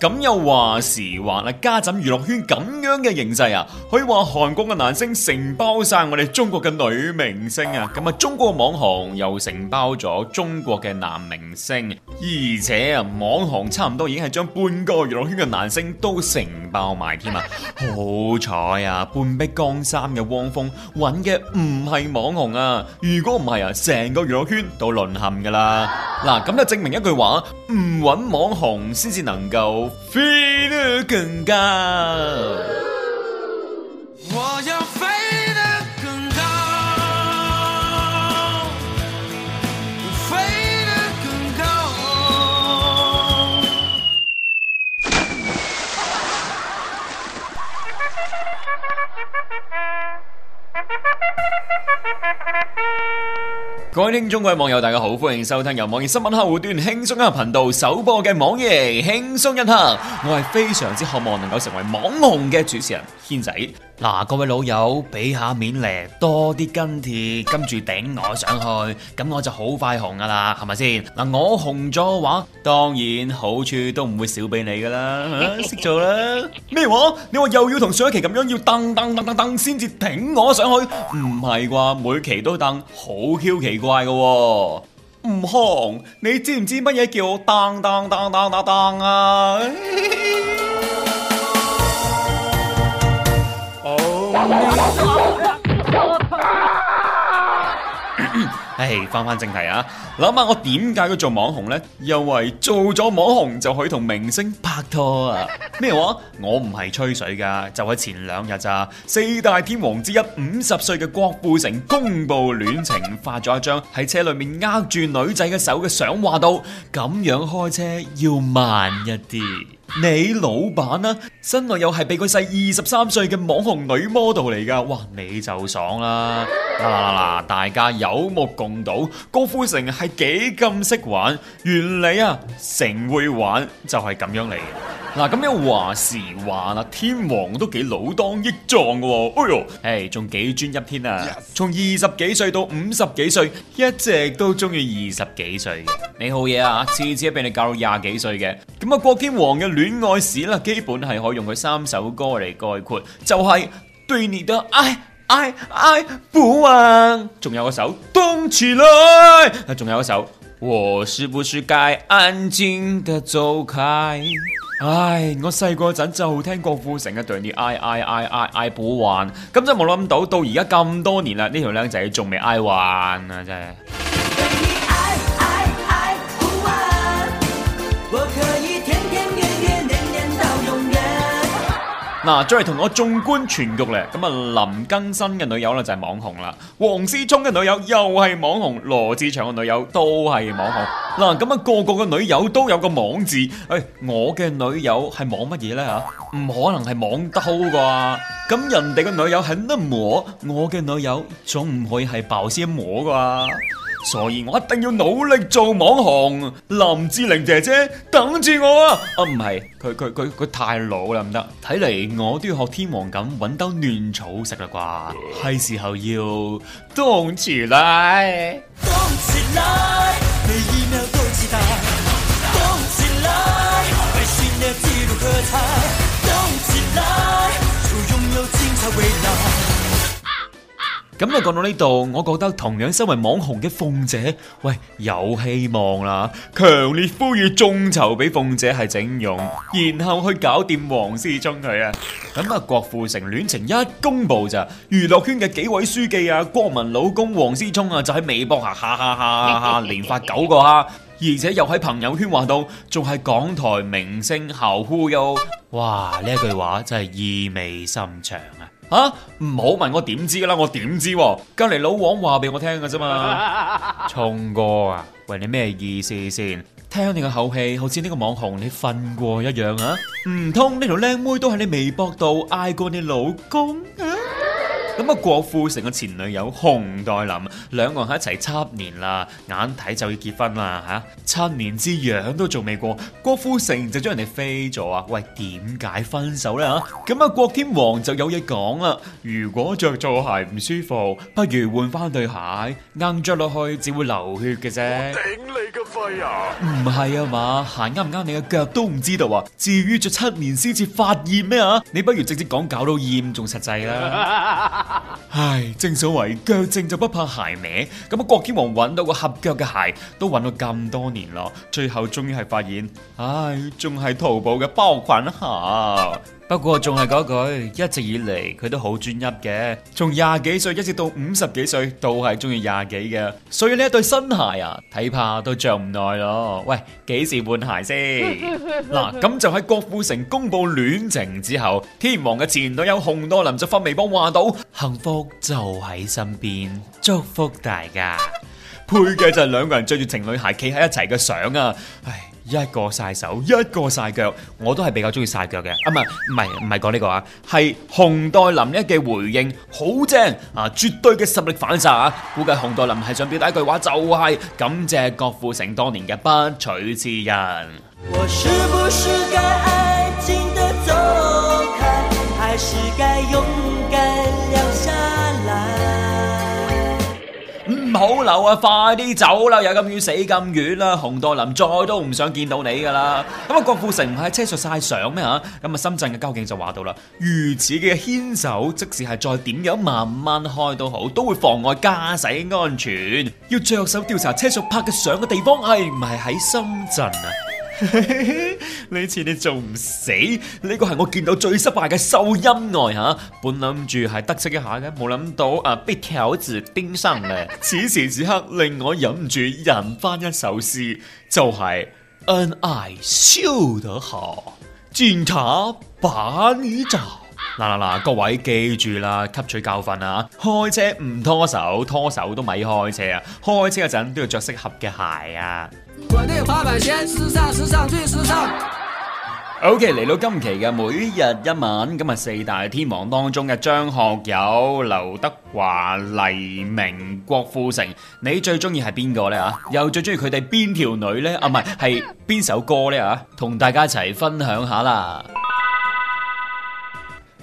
咁又話時話啦，家陣娛樂圈咁樣嘅形勢啊，可以話韓國嘅男星承包晒我哋中國嘅女明星啊，咁啊中國嘅網紅又承包咗中國嘅男明星，而且啊網紅差唔多已經係將半個娛樂圈嘅男星都承包埋添啊！ 好彩啊，半壁江山嘅汪峰揾嘅唔係網紅啊，如果唔係啊，成個娛樂圈都淪陷噶啦！嗱，咁就證明一句話。唔揾網紅先至能夠飛得更高。 各位聽眾、各位網友，大家好，歡迎收聽由網易新聞客戶端輕鬆一刻頻道首播嘅網易輕鬆一刻，我係非常之渴望能夠成為網紅嘅主持人軒仔。嗱、啊，各位老友，俾下面嚟多啲跟帖，跟住頂我上去，咁我就好快紅噶啦，係咪先？嗱、啊，我紅咗話，當然好處都唔會少俾你噶啦，識、啊、做啦？咩話？你話又要同上一期咁樣要噔噔噔噔噔先至頂我上去？唔係啩？每期都噔，好 Q 奇怪噶、啊。唔、嗯、紅，你知唔知乜嘢叫噔噔噔噔噔噔啊？哎唉，翻翻、 hey，正題啊！諗下我點解要做網紅呢？因為做咗網紅就可以同明星拍拖啊！咩話？我唔係吹水㗎，就喺前兩日咋。四大天王之一五十歲嘅郭富城公布戀情，發咗一張喺車裏面握住女仔嘅手嘅相，話到咁樣開車要慢一啲。你老闆啦，啊，新女友係被佢細二十三歲嘅網紅女 model 嚟噶，哇，你就爽啦！嗱嗱嗱，大家有目共睹，郭富城係幾咁識玩，原理啊，成會玩就係咁樣嚟。嗱，咁樣話時話啦，天王都幾老當益壯喎，哎呦，誒，仲幾專一添啊！從 Yes. 二十幾歲到五十幾歲，一直都中意二十幾歲。你好嘢啊，次次俾你教到廿幾歲嘅。咁啊，郭天王嘅戀愛史啦，基本係可以用佢三首歌嚟概括，就係、是、對你的愛愛愛不完，仲有嗰首《動起來》，仲有一首我是不是該安靜的走開。唉，我細個陣就聽郭富城嘅《對你嗌嗌嗌嗌嗌不完》，咁就冇諗到到而家咁多年啦，呢條靚仔仲未嗌完啊真係。啊，再係同我縱觀全局咧，咁啊林更新嘅女友咧就係網紅啦，王思聰嘅女友又係網紅，羅志祥嘅女友都係網紅。嗱、啊，咁啊個個嘅女友都有個網字，誒、哎，我嘅女友係網乜嘢咧吓？唔可能係網兜啩？咁人哋嘅女友係乜魔？我嘅女友仲唔可以係爆先魔啩？所以我一定要努力做網紅，林志玲姐姐等住我啊！啊，唔係，佢佢佢佢太老啦，唔得，睇嚟我都要學天王咁揾兜嫩草食啦啩，係時候要凍住啦，凍住啦。咁啊，講到呢度，我覺得同樣身為網紅嘅鳳姐，喂有希望啦！強烈呼籲眾籌俾鳳姐係整容，然後去搞掂王思聰佢啊！咁、嗯、啊，郭富城戀情一公布咋，娛樂圈嘅紀委書記啊，國民老公王思聰啊，就喺微博下哈哈哈哈哈連發九個「哈」，而且又喺朋友圈話到仲係港台明星後呼嘅哦！哇，呢一句話真係意味深長啊！吓，唔好問我點知㗎啦，我點知？隔籬老王話俾我聽嘅啫嘛，聰哥 啊，喂，你咩意思先？聽你個口氣，好似呢個網紅你瞓過一樣啊！唔通呢條靚妹都喺你微博度嗌過你老公？啊咁啊，郭富城嘅前女友熊黛林，兩個人喺一齊七年啦，眼睇就要結婚啦吓，啊，七年之癢都仲未過，郭富城就將人哋飛咗啊！喂，點解分手咧吓？咁啊，啊，郭天王就有嘢講啦，如果着錯鞋唔舒服，不如換翻對鞋，硬着落去只會流血嘅啫。我頂你個肺啊！唔係啊嘛，鞋啱唔啱你嘅腳都唔知道啊！至於着七年先至發現咩啊？你不如直接講搞到厭，仲實際啦。 唉，正所謂腳正就不怕鞋歪，咁啊，國天王揾到個合腳嘅鞋都揾咗咁多年咯。最後終於係發現，唉，仲係淘寶嘅爆款鞋。不過仲係嗰句，一直以嚟佢都好專一嘅，從廿幾歲一直到五十幾歲，都係中意廿幾嘅。所以呢一對新鞋啊，睇怕都着唔耐咯。喂，幾時換鞋先？嗱、 啊，咁就喺郭富城公布戀情之後，天王嘅前女友熊黛林就發微博話到：幸福就喺身邊，祝福大家。 配嘅就係兩個人着住情侶鞋企喺一齊嘅相啊，唉。一個晒手，一個晒腳，我都係比較中意晒腳嘅，啊，唔係唔係唔係講呢個啊，係熊黛林一嘅回應好正，啊，絕對嘅實力反殺啊，估計熊黛林係想表達一句話，就係、是、感謝郭富城當年嘅不娶之恩。我是不是啊！快啲走啦，啊！有咁遠死咁遠啦！熊黛林再都唔想見到你噶啦！咁啊，郭富城唔係喺車上晒相咩吓？咁啊，深圳嘅交警就話到啦：如此嘅牽手，即使係再點樣慢慢開都好，都會妨礙駕駛安全。要着手調查車上拍嘅相嘅地方，係唔係喺深圳啊？呢 次你做唔死，呢、這個係我見到最失敗嘅秀恩愛吓。本諗住係得戚一下嘅，冇諗到啊，被條子盯上咧。此時此刻令我忍唔住吟翻一首詩，就係恩愛秀得好，戰塔把你炸。嗱嗱嗱，各位記住啦，吸取教訓啊，開車唔拖手，拖手都咪開車啊，開車嗰陣都要着適合嘅鞋啊。我對滑板鞋時尚，時尚最時尚。OK，嚟到今期嘅每日一晚，今日四大天王當中嘅張學友、劉德華、黎明、郭富城，你最中意係邊個呢？啊？又最中意佢哋邊條女呢？啊，唔係，係邊首歌呢？啊？同大家一齊分享下啦。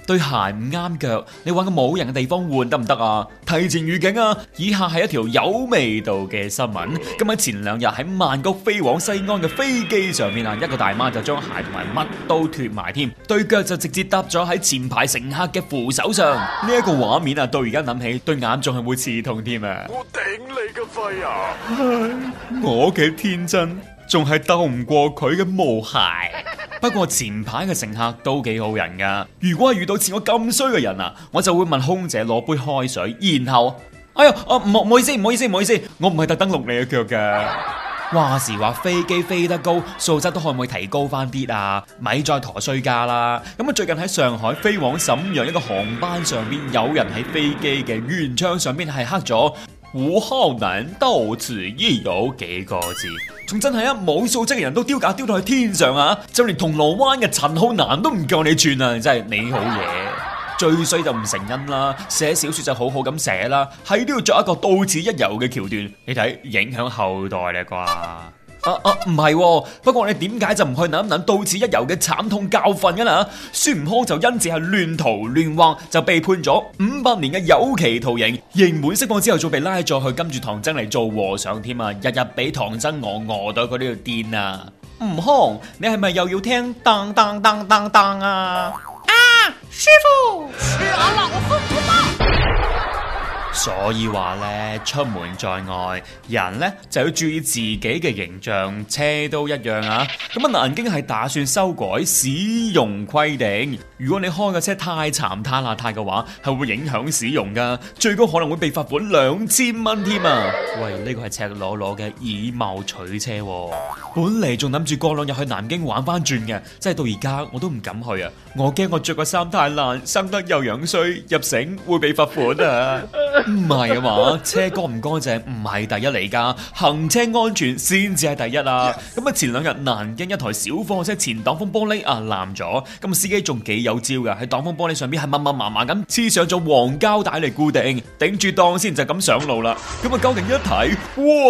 對鞋唔啱腳，你揾個冇人嘅地方換得唔得啊？提前預警啊！以下係一條有味道嘅新聞。今日前兩日喺曼谷飛往西安嘅飛機上面啊，一個大媽就將鞋同埋襪都脫埋添，對腳就直接搭咗喺前排乘客嘅扶手上。呢、這、一個畫面啊，到而家諗起對眼仲係會刺痛添啊！我頂你個肺啊！ 我嘅天真仲係鬥唔過佢嘅無鞋。不過前排嘅乘客都幾好人噶，如果係遇到似我咁衰嘅人啊，我就會問空姐攞杯開水，然後，哎呀，啊唔好唔好意思，唔好意思，唔好意思，我唔係特登淥你嘅腳噶。 話時話飛機飛得高，素質都可唔可以提高翻啲啊？咪再陀衰家啦！咁啊，最近喺上海飛往瀋陽一個航班上邊，有人喺飛機嘅舷窗上邊系黑咗。胡浩南到此一遊幾個字，仲真係啊，冇素質嘅人都丟架丟到去天上啊！就連銅鑼灣嘅陳浩南都唔夠你轉啊！真係你好嘢，最衰就唔承認啦，寫小說就好好咁寫啦，係都要作一個到此一遊嘅橋段，你睇影響後代啦啩？啊唔係、哦，不過你點解就唔去諗諗到此一遊嘅慘痛教訓噶啦？孫悟空就因此係亂塗亂畫，就被判咗五百年嘅有期徒刑。刑滿釋放之後，就被拉咗去跟住唐僧嚟做和尚添啊！日日俾唐僧餓餓到佢呢度癲啊！悟空，你係咪又要聽噹噹噹噹噹啊？啊，師傅，是俺老孫不報。所以話咧，出門在外，人咧就要注意自己嘅形象，車都一樣啊。咁啊，南京係打算修改市容規定，如果你開嘅車太殘、太邋遢嘅話，係會影響市容噶，最高可能會被罰款兩千蚊添啊！喂，呢個係赤裸裸嘅以貌取車，啊。本嚟仲諗住過兩日去南京玩翻轉嘅，真係到而家我都唔敢去啊！我驚我着個衫太爛，生得又樣衰，入城會被罰款啊！ 唔係啊嘛，車乾唔乾淨唔係第一嚟噶，行車安全先至係第一啊！咁啊 Yes.，前兩日南京一台小貨車前擋風玻璃啊爛咗，咁司機仲幾有招噶，喺擋風玻璃上邊係密密麻麻咁黐上咗黃膠帶嚟固定，頂住檔先就咁上路啦。咁、嗯、啊，交警一睇，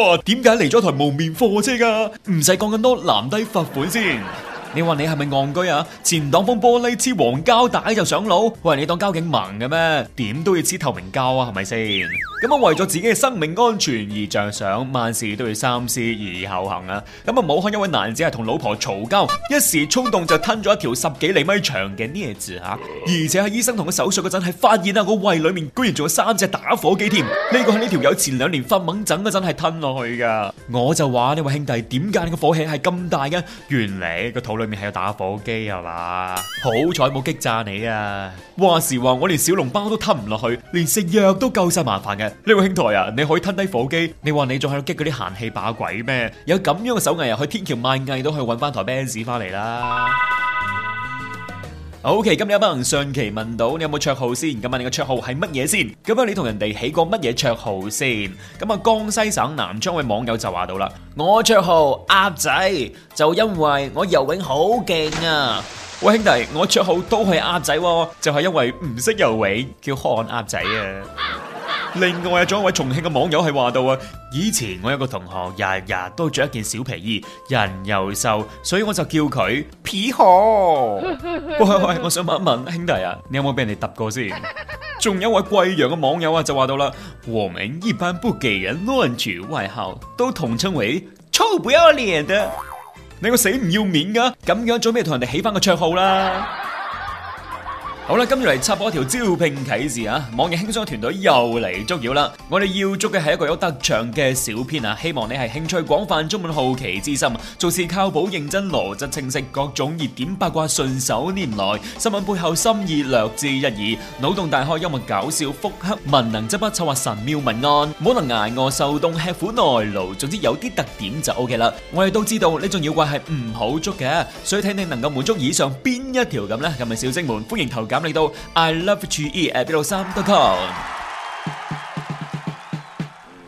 哇，點解嚟咗台無面貨車噶？唔使講咁多，攔低罰款先。你話你係咪戇居啊？前擋風玻璃黐黃膠帶就上路？喂，你當交警盲嘅咩？點都要黐透明膠啊？係咪先？咁啊為咗自己嘅生命安全而着想，萬事都要三思而後行啊！咁啊，武漢一位男子係同老婆嘈交，一時衝動就吞咗一條十幾厘米長嘅鑷子啊！而且喺醫生同佢手術嗰陣，係發現啊個胃裏面居然仲有三隻打火機添。呢、這個係呢條友前兩年發矇憎嗰陣係吞落去噶。我就話呢位兄弟，點解你個火氣係咁大嘅？原來個肚。裏面係有打火機係嘛？ 好彩冇激炸你啊！話時話我連小籠包都吞唔落去，連食藥都夠晒麻煩嘅。呢位兄台啊，你可以吞低火機，你話你仲喺度激嗰啲閒氣把鬼咩？有咁樣嘅手藝啊，去天橋賣藝都可以搵翻台 band 子翻嚟啦。 好嘅，今日有班人上期問到你有冇綽號先，咁問你個綽號係乜嘢先？咁啊，你同人哋起過乜嘢綽號先？咁啊，江西省南昌位網友就話到啦，我綽號鴨仔，就因為我游泳好勁啊！喂，兄弟，我綽號都係鴨仔喎，就係因為唔識游泳，叫旱鴨仔啊！另外有咗一位重慶嘅網友係話到啊，以前我有個同學日日都着一件小皮衣，人又瘦，所以我就叫佢皮殼。 喂喂，我想問一問兄弟啊，你有冇俾人哋揼過先？仲 有一位貴陽嘅網友啊，就話到啦，黃明一般不給人亂取外號，都統稱為臭不要臉的。你個死唔要面噶，啊，咁樣準備同人哋起翻個綽號啦。 好啦，今日嚟插播一條招聘啟事啊！網易輕鬆團隊又嚟捉妖啦！我哋要捉嘅係一個有特長嘅小編啊！希望你係興趣廣泛、充滿好奇之心，做事靠譜、認真、邏輯清晰，各種熱點八卦順手拈來，新聞背後心意略知一二，腦洞大開、幽默搞笑、腹黑文能執筆策劃神妙文案，冇能捱餓受凍、吃苦耐勞。總之有啲特點就 OK 啦！我哋都知道呢種妖怪係唔好捉嘅，所以睇你能夠滿足以上邊一條咁咧，咁咪小精們歡迎投稿。咁嚟到，I love to eat at 163 dot com。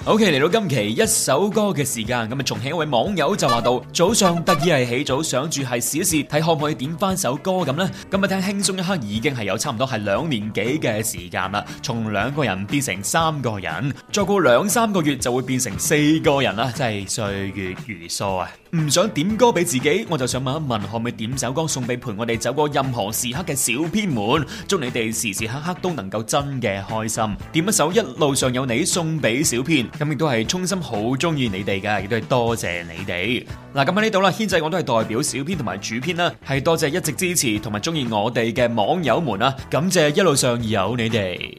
OK，嚟到今期一首歌嘅時間，咁、嗯、啊，重慶一位網友就話到早上特意係起早，想住係試一試睇可唔可以點翻首歌咁呢，今、嗯、日聽輕鬆一刻已經係有差唔多係兩年幾嘅時間啦，從兩個人變成三個人，再過兩三個月就會變成四個人啦，真係歲月如梭啊！唔想點歌俾自己，我就想問一問，可唔可以點首歌送俾陪我哋走過任何時刻嘅小編們？祝你哋時時刻刻都能夠真嘅開心。點一首《一路上有你》送俾小編，咁亦都係衷心好中意你哋嘅，亦都係多謝你哋。嗱，咁喺呢度啦，牽制我都係代表小編同埋主編啦，係多謝一直支持同埋中意我哋嘅網友們啦，感謝一路上有你哋。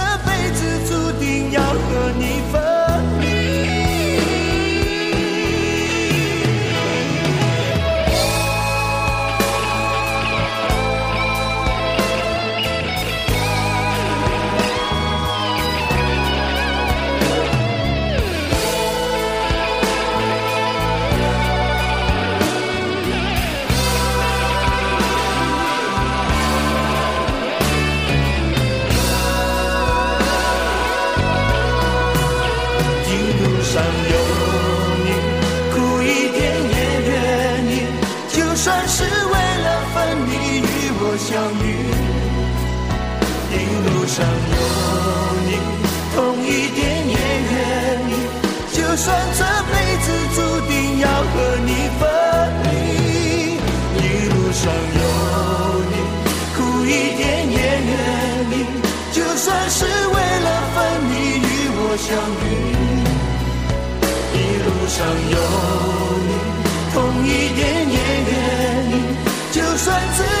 一路上有你痛一點也願意，就算這輩子注定要和你分離，一路上有你苦一點也願意，就算是為了分離與我相遇。一路上有你痛一點也願意，就算自。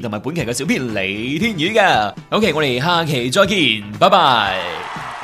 同埋本期嘅小編李天宇嘅，OK，我哋下期再見，拜拜。